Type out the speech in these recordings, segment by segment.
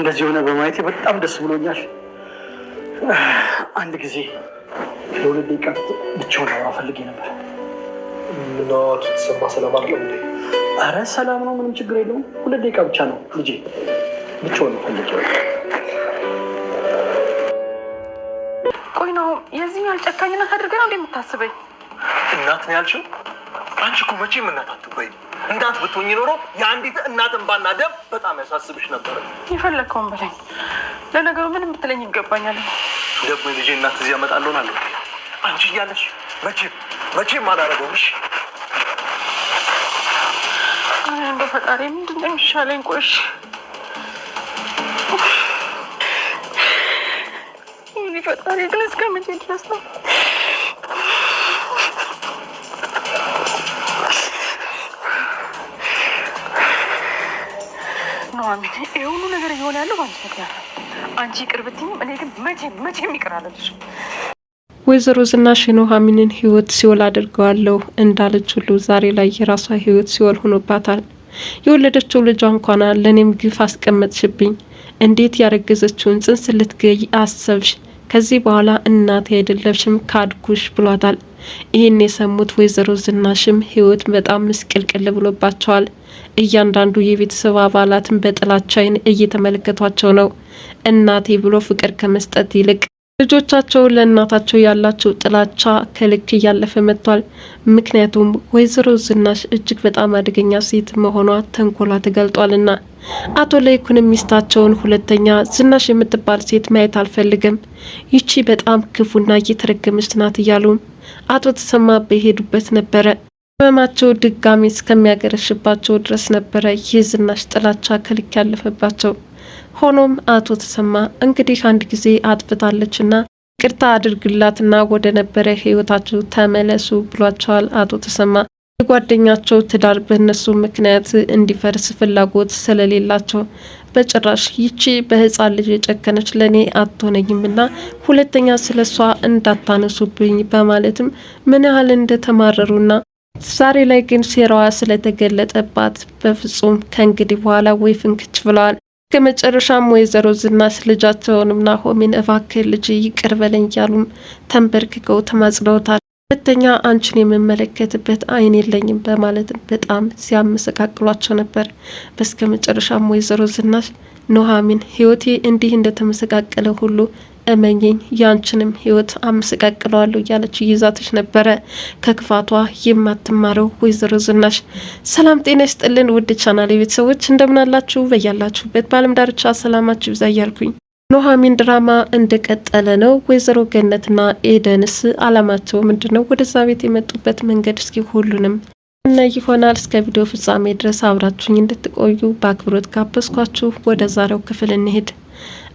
እንደዚህ ሆነ በማየቴ በጣም ደስ ብሎኛል። አንድ ጊዜ ለሁለት ደቂቃ ብቻውን አውራ ፈልጌ ነበር። ምናቱ ተሰማ ሰላም አለ እንዴ? አረ ሰላም ነው፣ ምንም ችግር የለውም። ሁለት ደቂቃ ብቻ ነው ልጄ፣ ብቻውን ነው ፈልጌ። ቆይ ነው የዚህን ያህል ጨካኝነት አድርገህ ነው እንዴ የምታስበኝ? እናት ነው ያልሽው? አንቺ እኮ መቼም እናት አትቆይም እናት ብትሆኝ ኖሮ የአንዲት እናትን ባናደብ በጣም ያሳስብሽ ነበረ። የፈለግከውን በለኝ። ለነገሩ ምንም ብትለኝ ይገባኛል። ደግሞ ልጅ እናት እዚህ ያመጣለሆን አለ አንቺ እያለሽ መቼም መቼም አላረገውሽ። እንደ ፈጣሪ ምንድን ነው የሚሻለኝ? ቆሽ ፈጣሪ ግን እስከ መቼ ድረስ ነው ነው አሚ። ይሄ ሁሉ ነገር እየሆነ ያለው በአንቺ ምክንያት ነው። አንቺ ይቅር እኔ ግን መቼም ይቅር ወይዘሮ ዝናሽ የኑሐሚንን ህይወት ሲኦል አድርገዋለሁ እንዳለች ሁሉ ዛሬ ላይ የራሷ ህይወት ሲወል ሆኖባታል። የወለደችው ልጇ እንኳን ለእኔም ግፍ አስቀመጥሽብኝ፣ እንዴት ያረገዘችውን ጽንስ ልትገይ አሰብሽ? ከዚህ በኋላ እናቴ አይደለሽም ካድጉሽ ብሏታል። ይህን የሰሙት ወይዘሮ ዝናሽም ህይወት በጣም ምስቅልቅል ብሎባቸዋል። እያንዳንዱ የቤተሰብ አባላትን በጥላቻ እየተመለከቷቸው ነው። እናቴ ብሎ ፍቅር ከመስጠት ይልቅ ልጆቻቸው ለእናታቸው ያላቸው ጥላቻ ከልክ እያለፈ መጥቷል። ምክንያቱም ወይዘሮ ዝናሽ እጅግ በጣም አደገኛ ሴት መሆኗ ተንኮሏ ተገልጧልና አቶ ለይኩንም ሚስታቸውን ሁለተኛ ዝናሽ የምትባል ሴት ማየት አልፈልግም፣ ይቺ በጣም ክፉና እየተረገመች ናት እያሉም አቶ ተሰማ በሄዱበት ነበረ። ህመማቸው ድጋሚ እስከሚያገረሽባቸው ድረስ ነበረ የዝናሽ ጥላቻ ከልክ ያለፈባቸው። ሆኖም አቶ ተሰማ እንግዲህ አንድ ጊዜ አጥፍታለችና ቅርታ አድርግላትና ወደ ነበረ ህይወታቸው ተመለሱ ብሏቸዋል። አቶ ተሰማ የጓደኛቸው ትዳር በእነሱ ምክንያት እንዲፈርስ ፍላጎት ስለሌላቸው በጭራሽ ይቺ በህፃን ልጅ የጨከነች ለእኔ አትሆነኝምና ሁለተኛ ስለሷ እንዳታነሱብኝ በማለትም ምን ያህል እንደተማረሩና ዛሬ ላይ ግን ሴራዋ ስለተገለጠባት በፍጹም ከእንግዲህ በኋላ ወይ ፍንክች ብለዋል። ከመጨረሻም ወይዘሮ ዝናስ ልጃቸውንም ናሆሚን እባክህ ልጅ ይቅር በለኝ እያሉም ተንበርክከው ሁለተኛ አንቺን የምመለከትበት አይን የለኝም በማለት በጣም ሲያመሰቃቅሏቸው ነበር። በስከ መጨረሻም ወይዘሮ ዝናሽ ኑሐሚን ህይወቴ እንዲህ እንደተመሰቃቀለ ሁሉ እመኝኝ ያንችንም ህይወት አመሰቃቅለዋለሁ እያለች ይዛትሽ ነበረ። ከክፋቷ የማትማረው ወይዘሮ ዝናሽ። ሰላም ጤና ይስጥልን ውድ ቻናል የቤተሰቦች እንደምናላችሁ፣ በያላችሁበት በአለም ዳርቻ ሰላማችሁ ይብዛ እያልኩኝ ኑሐሚን ድራማ እንደቀጠለ ነው። ወይዘሮ ገነትና ኤደንስ አላማቸው ምንድን ነው? ወደዛ ቤት የመጡበት መንገድ እስኪ ሁሉንም እና ይሆናል እስከ ቪዲዮ ፍጻሜ ድረስ አብራችሁኝ እንድትቆዩ በአክብሮት ጋበዝኳችሁ። ወደ ዛሬው ክፍል እንሄድ።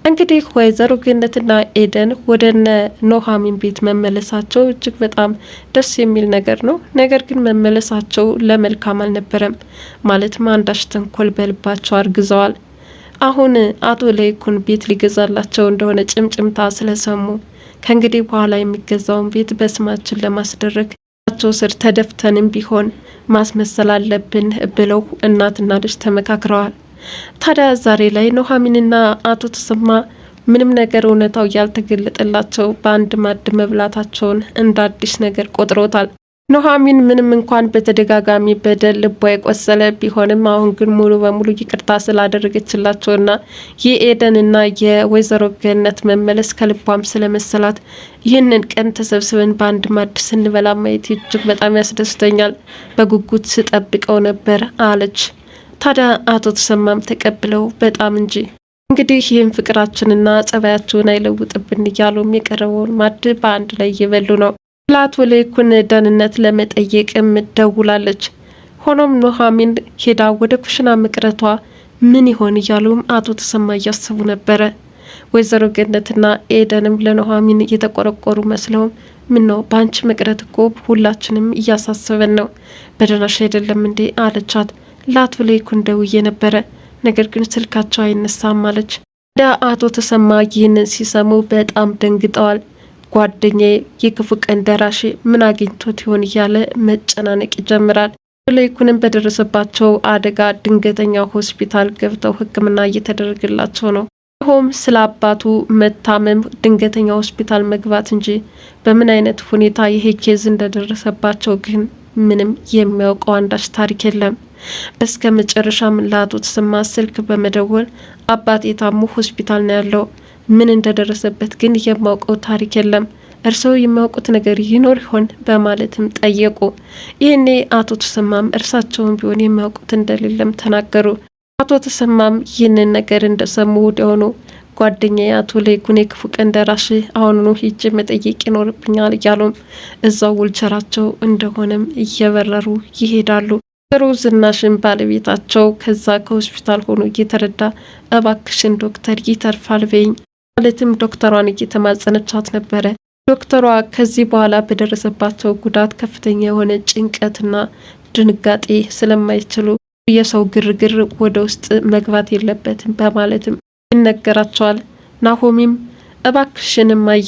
እንግዲህ ወይዘሮ ገነትና ኤደን ወደነ ኖሃሚን ቤት መመለሳቸው እጅግ በጣም ደስ የሚል ነገር ነው። ነገር ግን መመለሳቸው ለመልካም አልነበረም። ማለትም አንዳች ተንኮል በልባቸው አርግዘዋል። አሁን አቶ ለይኩን ቤት ሊገዛላቸው እንደሆነ ጭምጭምታ ስለሰሙ ከእንግዲህ በኋላ የሚገዛውን ቤት በስማችን ለማስደረግ ቸው ስር ተደፍተንም ቢሆን ማስመሰል አለብን ብለው እናትና ልጅ ተመካክረዋል። ታዲያ ዛሬ ላይ ኑሐሚንና አቶ ተሰማ ምንም ነገር እውነታው ያልተገለጠላቸው በአንድ ማድ መብላታቸውን እንደ አዲስ ነገር ቆጥሮታል። ኑሐሚን ምንም እንኳን በተደጋጋሚ በደል ልቧ የቆሰለ ቢሆንም አሁን ግን ሙሉ በሙሉ ይቅርታ ስላደረገችላቸውና የኤደንና የወይዘሮ ገነት መመለስ ከልቧም ስለመሰላት ይህንን ቀን ተሰብስበን በአንድ ማድ ስንበላ ማየት እጅግ በጣም ያስደስተኛል፣ በጉጉት ስጠብቀው ነበር አለች። ታዲያ አቶ ተሰማም ተቀብለው በጣም እንጂ እንግዲህ ይህም ፍቅራችንና ጸባያችሁን አይለውጥብን እያሉም የቀረበውን ማድ በአንድ ላይ እየበሉ ነው። ለአቶ ለይኩን ደህንነት ለመጠየቅም ደውላለች። ሆኖም ኑሐሚን ሄዳ ወደ ኩሽና መቅረቷ ምን ይሆን እያሉም አቶ ተሰማ እያሰቡ ነበረ። ወይዘሮ ገነትና ኤደንም ለኑሐሚን እየተቆረቆሩ መስለውም ምን ነው በአንቺ መቅረት እኮ ሁላችንም እያሳሰበን ነው፣ በደህናሽ አይደለም እንዴ አለቻት። ለአቶ ለይኩን ደውዬ ነበረ፣ ነገር ግን ስልካቸው አይነሳም አለች። ዳ አቶ ተሰማ ይህንን ሲሰሙ በጣም ደንግጠዋል። ጓደኛዬ የክፉ ቀን ደራሽ ምን አግኝቶት ይሆን እያለ መጨናነቅ ይጀምራል። ለይኩንም በደረሰባቸው አደጋ ድንገተኛ ሆስፒታል ገብተው ሕክምና እየተደረገላቸው ነው። ሆም ስለ አባቱ መታመም ድንገተኛ ሆስፒታል መግባት እንጂ በምን አይነት ሁኔታ ይሄ ኬዝ እንደደረሰባቸው ግን ምንም የሚያውቀው አንዳች ታሪክ የለም። በስከ መጨረሻም ለአቶ ስማ ስልክ በመደወል አባቴ ታሞ ሆስፒታል ነው ያለው፣ ምን እንደደረሰበት ግን የማውቀው ታሪክ የለም እርሰው የሚያውቁት ነገር ይኖር ይሆን በማለትም ጠየቁ። ይህኔ አቶ ተሰማም እርሳቸውን ቢሆን የሚያውቁት እንደሌለም ተናገሩ። አቶ ተሰማም ይህንን ነገር እንደሰሙ ወዲያውኑ ጓደኛዬ አቶ ለይኩን የክፉ ቀን ደራሽ አሁኑኑ ሂጅ መጠየቅ ይኖርብኛል እያሉም እዛው ውልቸራቸው እንደሆነም እየበረሩ ይሄዳሉ። ዶክተሩ ዝናሽን ባለቤታቸው ከዛ ከሆስፒታል ሆኖ እየተረዳ እባክሽን ዶክተር ይተርፋል በይኝ ማለትም ዶክተሯን እየተማጸነቻት ነበረ። ዶክተሯ ከዚህ በኋላ በደረሰባቸው ጉዳት ከፍተኛ የሆነ ጭንቀትና ድንጋጤ ስለማይችሉ የሰው ግርግር ወደ ውስጥ መግባት የለበትም በማለትም ይነገራቸዋል። ናሆሚም እባክሽን እማዬ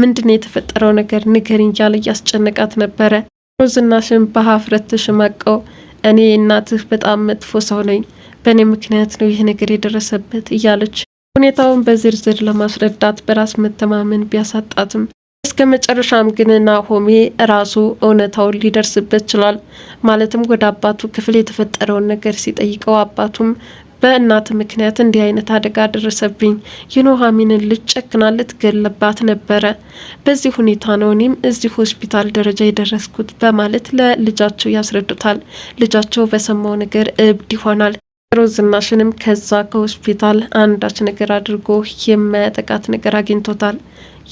ምንድን የተፈጠረው ነገር ንገሪኝ እያለ እያስጨነቃት ነበረ። ሮዝናሽን በሀፍረት ተሸማቀው እኔ እናትህ በጣም መጥፎ ሰው ነኝ፣ በእኔ ምክንያት ነው ይህ ነገር የደረሰበት እያለች ሁኔታውን በዝርዝር ለማስረዳት በራስ መተማመን ቢያሳጣትም እስከ መጨረሻም ግን ናሆሜ ራሱ እውነታውን ሊደርስበት ችሏል። ማለትም ወደ አባቱ ክፍል የተፈጠረውን ነገር ሲጠይቀው አባቱም በእናት ምክንያት እንዲህ አይነት አደጋ ደረሰብኝ። የኑሐሚንን ልጅ ጨክና ልትገልባት ነበረ። በዚህ ሁኔታ ነው እኔም እዚህ ሆስፒታል ደረጃ የደረስኩት በማለት ለልጃቸው ያስረዱታል። ልጃቸው በሰማው ነገር እብድ ይሆናል። ሮዝናሽንም ከዛ ከሆስፒታል አንዳች ነገር አድርጎ የማያጠቃት ነገር አግኝቶታል።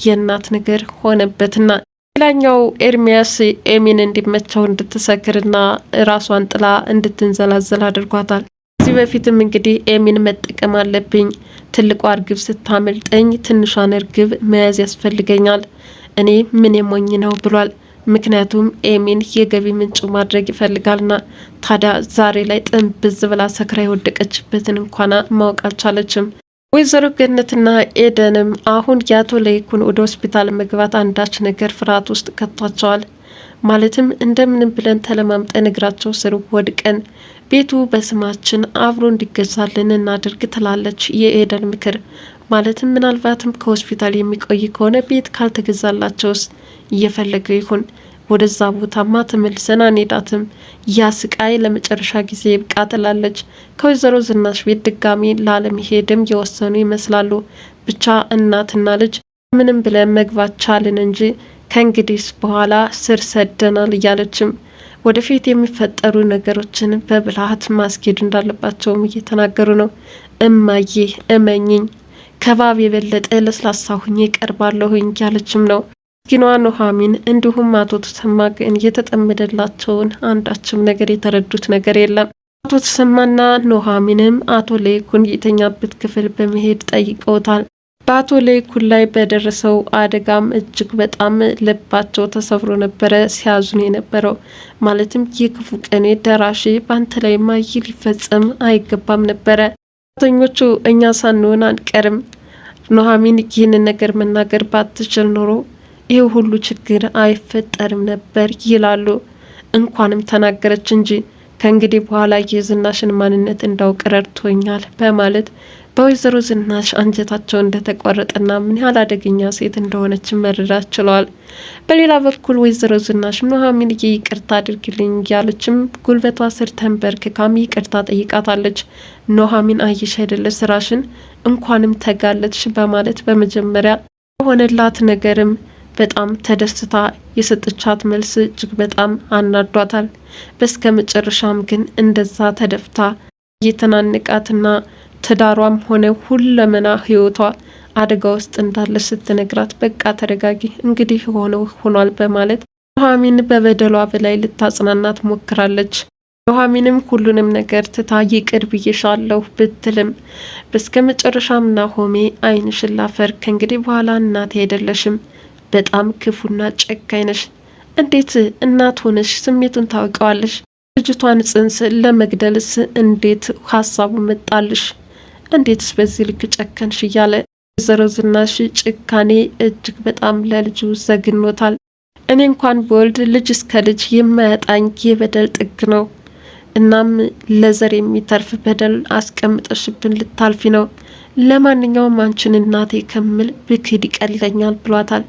የእናት ነገር ሆነበትና ሌላኛው ኤርሚያስ ኤሚን እንዲመቸው እንድትሰክርና ራሷን ጥላ እንድትንዘላዘል አድርጓታል። ከዚህ በፊትም እንግዲህ ኤሚን መጠቀም አለብኝ። ትልቋ እርግብ ስታመልጠኝ ትንሿን እርግብ መያዝ ያስፈልገኛል። እኔ ምን የሞኝ ነው ብሏል። ምክንያቱም ኤሚን የገቢ ምንጩ ማድረግ ይፈልጋልና። ታዲያ ዛሬ ላይ ጥንብዝ ብላ ሰክራ የወደቀችበትን እንኳን ማወቅ አልቻለችም። ወይዘሮ ገነትና ኤደንም አሁን የአቶ ለይኩን ወደ ሆስፒታል መግባት አንዳች ነገር ፍርሃት ውስጥ ከቷቸዋል። ማለትም እንደምንም ብለን ተለማምጠን እግራቸው ስር ወድቀን ቤቱ በስማችን አብሮ እንዲገዛልን እናድርግ ትላለች የኤደን ምክር። ማለትም ምናልባትም ከሆስፒታል የሚቆይ ከሆነ ቤት ካልተገዛላቸውስ እየፈለገው ይሁን ወደዛ ቦታማ ተመልሰን አንሄዳትም፣ ያ ስቃይ ለመጨረሻ ጊዜ ይብቃ ትላለች። ከወይዘሮ ዝናሽ ቤት ድጋሚ ላለመሄድም የወሰኑ ይመስላሉ። ብቻ እናትና ልጅ ምንም ብለን መግባት ቻልን እንጂ ከእንግዲህ በኋላ ስር ሰደናል እያለችም ወደፊት የሚፈጠሩ ነገሮችን በብልሃት ማስኬድ እንዳለባቸውም እየተናገሩ ነው። እማዬ እመኝኝ ከባብ የበለጠ ለስላሳ ሁኜ ቀርባለሁኝ እያለችም ነው። ግኗ ኑሐሚን እንዲሁም አቶ ተሰማ ግን የተጠመደላቸውን አንዳችም ነገር የተረዱት ነገር የለም። አቶ ተሰማና ኑሐሚንም አቶ ለይኩን የተኛበት ክፍል በመሄድ ጠይቀውታል። በአቶ ለይኩን ላይ በደረሰው አደጋም እጅግ በጣም ልባቸው ተሰብሮ ነበረ ሲያዙን የነበረው። ማለትም የክፉ ቀኔ ደራሽ በአንተ ላይ ማይ ሊፈጸም አይገባም ነበረ። ተኞቹ እኛ ሳንሆን አንቀርም። ኑሐሚን ይህንን ነገር መናገር ባትችል ኖሮ ይህ ሁሉ ችግር አይፈጠርም ነበር ይላሉ። እንኳንም ተናገረች እንጂ ከእንግዲህ በኋላ የዝናሽን ማንነት እንዳውቅ ረድቶኛል በማለት በወይዘሮ ዝናሽ አንጀታቸው እንደተቋረጠና ምን ያህል አደገኛ ሴት እንደሆነች መረዳት ችለዋል። በሌላ በኩል ወይዘሮ ዝናሽ ኑሐሚንዬ ይቅርታ አድርግልኝ እያለችም ጉልበቷ ስር ተንበርክካም ይቅርታ ጠይቃታለች። ኑሐሚን አየሽ አይደለ ስራሽን እንኳንም ተጋለጥሽ በማለት በመጀመሪያ የሆነላት ነገርም በጣም ተደስታ የሰጠቻት መልስ እጅግ በጣም አናዷታል። በስከ መጨረሻም ግን እንደዛ ተደፍታ የተናንቃትና። ትዳሯም ሆነ ሁለመና ህይወቷ አደጋ ውስጥ እንዳለ ስትነግራት በቃ ተደጋጊ እንግዲህ የሆነው ሆኗል በማለት ኑሐሚን በበደሏ በላይ ልታጽናናት ሞክራለች። ኑሐሚንም ሁሉንም ነገር ትታ ይቅር ብዬሻለሁ ብትልም በስከ መጨረሻም ናሆሜ ዓይንሽን ላፈር ከእንግዲህ በኋላ እናት አይደለሽም፣ በጣም ክፉና ጨካኝ ነሽ። እንዴት እናት ሆነሽ ስሜቱን ታውቂዋለሽ? ልጅቷን ጽንስ ለመግደልስ እንዴት ሀሳቡ መጣልሽ? እንዴትስ በዚህ ልክ ጨከንሽ? እያለ ወይዘሮ ዝናሽ ጭካኔ እጅግ በጣም ለልጁ ዘግኖታል። እኔ እንኳን በወልድ ልጅ እስከ ልጅ የማያጣኝ የበደል ጥግ ነው። እናም ለዘር የሚተርፍ በደል አስቀምጠሽብን ልታልፊ ነው። ለማንኛውም አንቺን እናቴ ከምል ብክድ ይቀለኛል ብሏታል።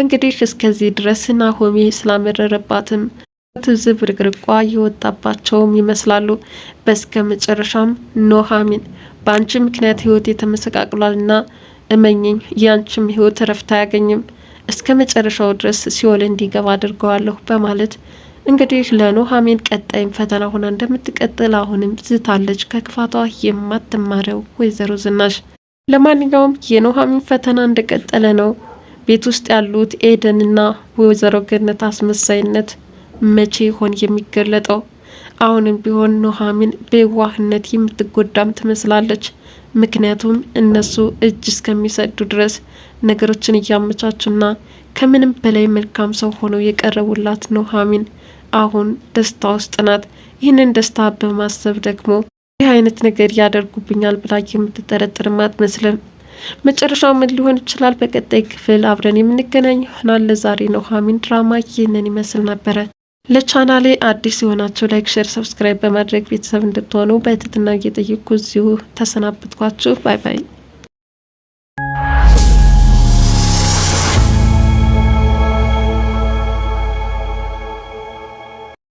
እንግዲህ እስከዚህ ድረስ ናሆሜ ስላመረረባትም ዝብርቅርቋ የወጣባቸውም ይመስላሉ። በስከ መጨረሻም ኖሃሚን በአንቺ ምክንያት ህይወቴ ተመሰቃቅሏልና እመኝኝ፣ ያንቺም ህይወት እረፍት አያገኝም። እስከ መጨረሻው ድረስ ሲኦል እንዲገባ አድርገዋለሁ በማለት እንግዲህ ለኑሐሚን ቀጣይም ፈተና ሆና እንደምትቀጥል አሁንም ዝታለች። ከክፋቷ የማትማረው ወይዘሮ ዝናሽ። ለማንኛውም የኑሐሚን ፈተና እንደቀጠለ ነው። ቤት ውስጥ ያሉት ኤደንና ወይዘሮ ገነት አስመሳይነት መቼ ይሆን የሚገለጠው? አሁንም ቢሆን ኑሐሚን በዋህነት የምትጎዳም ትመስላለች። ምክንያቱም እነሱ እጅ እስከሚሰዱ ድረስ ነገሮችን እያመቻቹና ከምንም በላይ መልካም ሰው ሆነው የቀረቡላት ኑሐሚን አሁን ደስታ ውስጥ ናት። ይህንን ደስታ በማሰብ ደግሞ ይህ አይነት ነገር ያደርጉብኛል ብላ የምትጠረጥርም አትመስልም። መጨረሻው ምን ሊሆን ይችላል? በቀጣይ ክፍል አብረን የምንገናኝ ይሆናል። ለዛሬ ኑሐሚን ድራማ ይህንን ይመስል ነበረ። ለቻናሌ አዲስ የሆናችሁ ላይክ፣ ሼር፣ ሰብስክራይብ በማድረግ ቤተሰብ እንድትሆኑ በትህትና እየጠየቅኩ እዚሁ ተሰናብትኳችሁ። ባይ ባይ።